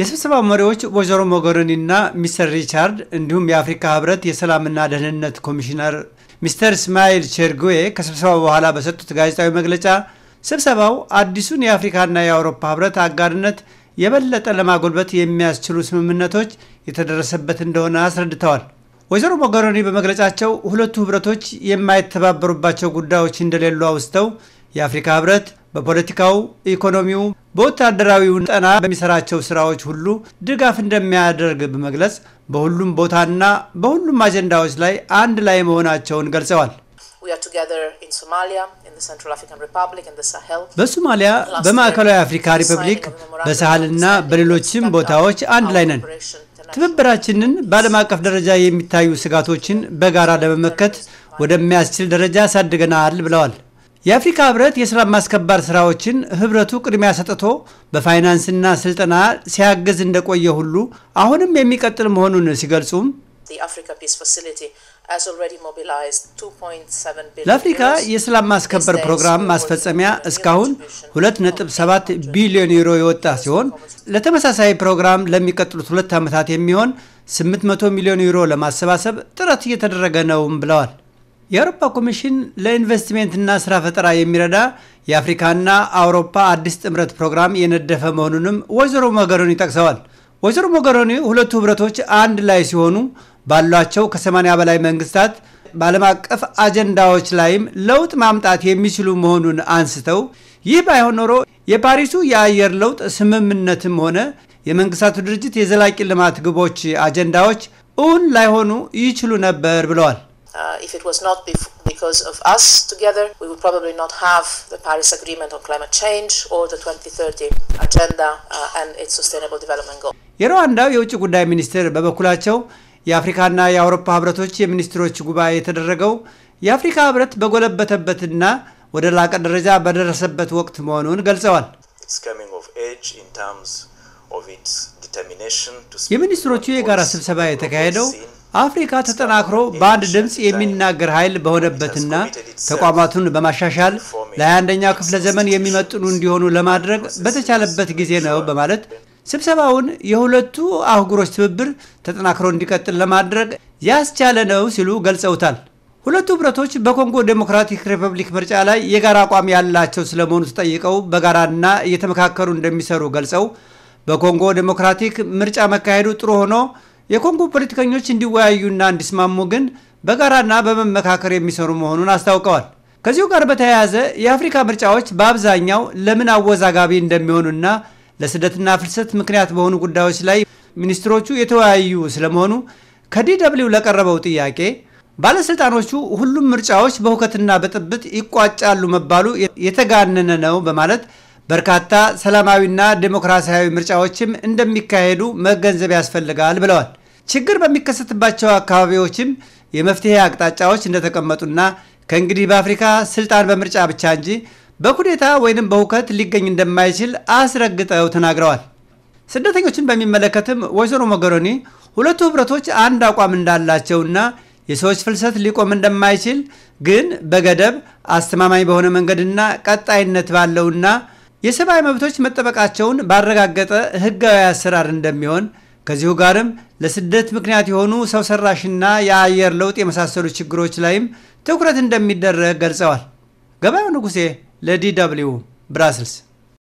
የስብሰባው መሪዎች ወይዘሮ ሞገሪኒና ሚስተር ሪቻርድ እንዲሁም የአፍሪካ ህብረት የሰላምና ደህንነት ኮሚሽነር ሚስተር እስማኤል ቸርጉዌ ከስብሰባው በኋላ በሰጡት ጋዜጣዊ መግለጫ ስብሰባው አዲሱን የአፍሪካና የአውሮፓ ህብረት አጋርነት የበለጠ ለማጎልበት የሚያስችሉ ስምምነቶች የተደረሰበት እንደሆነ አስረድተዋል። ወይዘሮ ሞገሪኒ በመግለጫቸው ሁለቱ ህብረቶች የማይተባበሩባቸው ጉዳዮች እንደሌሉ አውስተው የአፍሪካ ህብረት በፖለቲካው፣ ኢኮኖሚው፣ በወታደራዊው ጠና በሚሰራቸው ስራዎች ሁሉ ድጋፍ እንደሚያደርግ በመግለጽ በሁሉም ቦታና በሁሉም አጀንዳዎች ላይ አንድ ላይ መሆናቸውን ገልጸዋል። በሶማሊያ፣ በማዕከላዊ አፍሪካ ሪፐብሊክ፣ በሳህልና በሌሎችም ቦታዎች አንድ ላይ ነን። ትብብራችንን በዓለም አቀፍ ደረጃ የሚታዩ ስጋቶችን በጋራ ለመመከት ወደሚያስችል ደረጃ አሳድገናል ብለዋል። የአፍሪካ ህብረት የስራ ማስከበር ስራዎችን ህብረቱ ቅድሚያ ሰጥቶ በፋይናንስና ስልጠና ሲያግዝ እንደቆየ ሁሉ አሁንም የሚቀጥል መሆኑን ሲገልጹም ለአፍሪካ የሰላም ማስከበር ፕሮግራም ማስፈጸሚያ እስካሁን 2.7 ቢሊዮን ዩሮ የወጣ ሲሆን ለተመሳሳይ ፕሮግራም ለሚቀጥሉት ሁለት ዓመታት የሚሆን 800 ሚሊዮን ዩሮ ለማሰባሰብ ጥረት እየተደረገ ነውም ብለዋል። የአውሮፓ ኮሚሽን ለኢንቨስትሜንትና ስራ ፈጠራ የሚረዳ የአፍሪካና አውሮፓ አዲስ ጥምረት ፕሮግራም የነደፈ መሆኑንም ወይዘሮ ሞገሮኒ ጠቅሰዋል። ወይዘሮ ሞገሮኒ ሁለቱ ህብረቶች አንድ ላይ ሲሆኑ ባሏቸው ከ80 በላይ መንግስታት በዓለም አቀፍ አጀንዳዎች ላይም ለውጥ ማምጣት የሚችሉ መሆኑን አንስተው ይህ ባይሆን ኖሮ የፓሪሱ የአየር ለውጥ ስምምነትም ሆነ የመንግስታቱ ድርጅት የዘላቂ ልማት ግቦች አጀንዳዎች እውን ላይሆኑ ይችሉ ነበር ብለዋል። Uh, if it was not bef- because of us together, we would probably not have the Paris Agreement on climate change or the 2030 agenda uh, and its sustainable development goal. የሩዋንዳው የውጭ ጉዳይ ሚኒስትር በበኩላቸው የአፍሪካና የአውሮፓ ህብረቶች የሚኒስትሮች ጉባኤ የተደረገው የአፍሪካ ህብረት በጎለበተበትና ወደ ላቀ ደረጃ በደረሰበት ወቅት መሆኑን ገልጸዋል። የሚኒስትሮቹ የጋራ ስብሰባ የተካሄደው አፍሪካ ተጠናክሮ በአንድ ድምፅ የሚናገር ኃይል በሆነበትና ተቋማቱን በማሻሻል ለ 21 ኛው ክፍለ ዘመን የሚመጥኑ እንዲሆኑ ለማድረግ በተቻለበት ጊዜ ነው በማለት ስብሰባውን የሁለቱ አህጉሮች ትብብር ተጠናክሮ እንዲቀጥል ለማድረግ ያስቻለ ነው ሲሉ ገልጸውታል። ሁለቱ ህብረቶች በኮንጎ ዴሞክራቲክ ሪፐብሊክ ምርጫ ላይ የጋራ አቋም ያላቸው ስለመሆኑ ተጠይቀው በጋራና እየተመካከሩ እንደሚሰሩ ገልጸው በኮንጎ ዴሞክራቲክ ምርጫ መካሄዱ ጥሩ ሆኖ የኮንጎ ፖለቲከኞች እንዲወያዩና እንዲስማሙ ግን በጋራና በመመካከር የሚሰሩ መሆኑን አስታውቀዋል። ከዚሁ ጋር በተያያዘ የአፍሪካ ምርጫዎች በአብዛኛው ለምን አወዛጋቢ እንደሚሆኑና ለስደትና ፍልሰት ምክንያት በሆኑ ጉዳዮች ላይ ሚኒስትሮቹ የተወያዩ ስለመሆኑ ከዲደብሊው ለቀረበው ጥያቄ ባለስልጣኖቹ ሁሉም ምርጫዎች በሁከትና በጥብጥ ይቋጫሉ መባሉ የተጋነነ ነው በማለት በርካታ ሰላማዊና ዴሞክራሲያዊ ምርጫዎችም እንደሚካሄዱ መገንዘብ ያስፈልጋል ብለዋል። ችግር በሚከሰትባቸው አካባቢዎችም የመፍትሄ አቅጣጫዎች እንደተቀመጡና ከእንግዲህ በአፍሪካ ስልጣን በምርጫ ብቻ እንጂ በኩዴታ ወይንም በሁከት ሊገኝ እንደማይችል አስረግጠው ተናግረዋል። ስደተኞችን በሚመለከትም ወይዘሮ ሞገሮኒ ሁለቱ ህብረቶች አንድ አቋም እንዳላቸውና የሰዎች ፍልሰት ሊቆም እንደማይችል ግን በገደብ አስተማማኝ በሆነ መንገድና ቀጣይነት ባለውና የሰብአዊ መብቶች መጠበቃቸውን ባረጋገጠ ህጋዊ አሰራር እንደሚሆን ከዚሁ ጋርም ለስደት ምክንያት የሆኑ ሰው ሰራሽና የአየር ለውጥ የመሳሰሉ ችግሮች ላይም ትኩረት እንደሚደረግ ገልጸዋል። ገበያው ንጉሴ ለዲ ደብልዩ ብራስልስ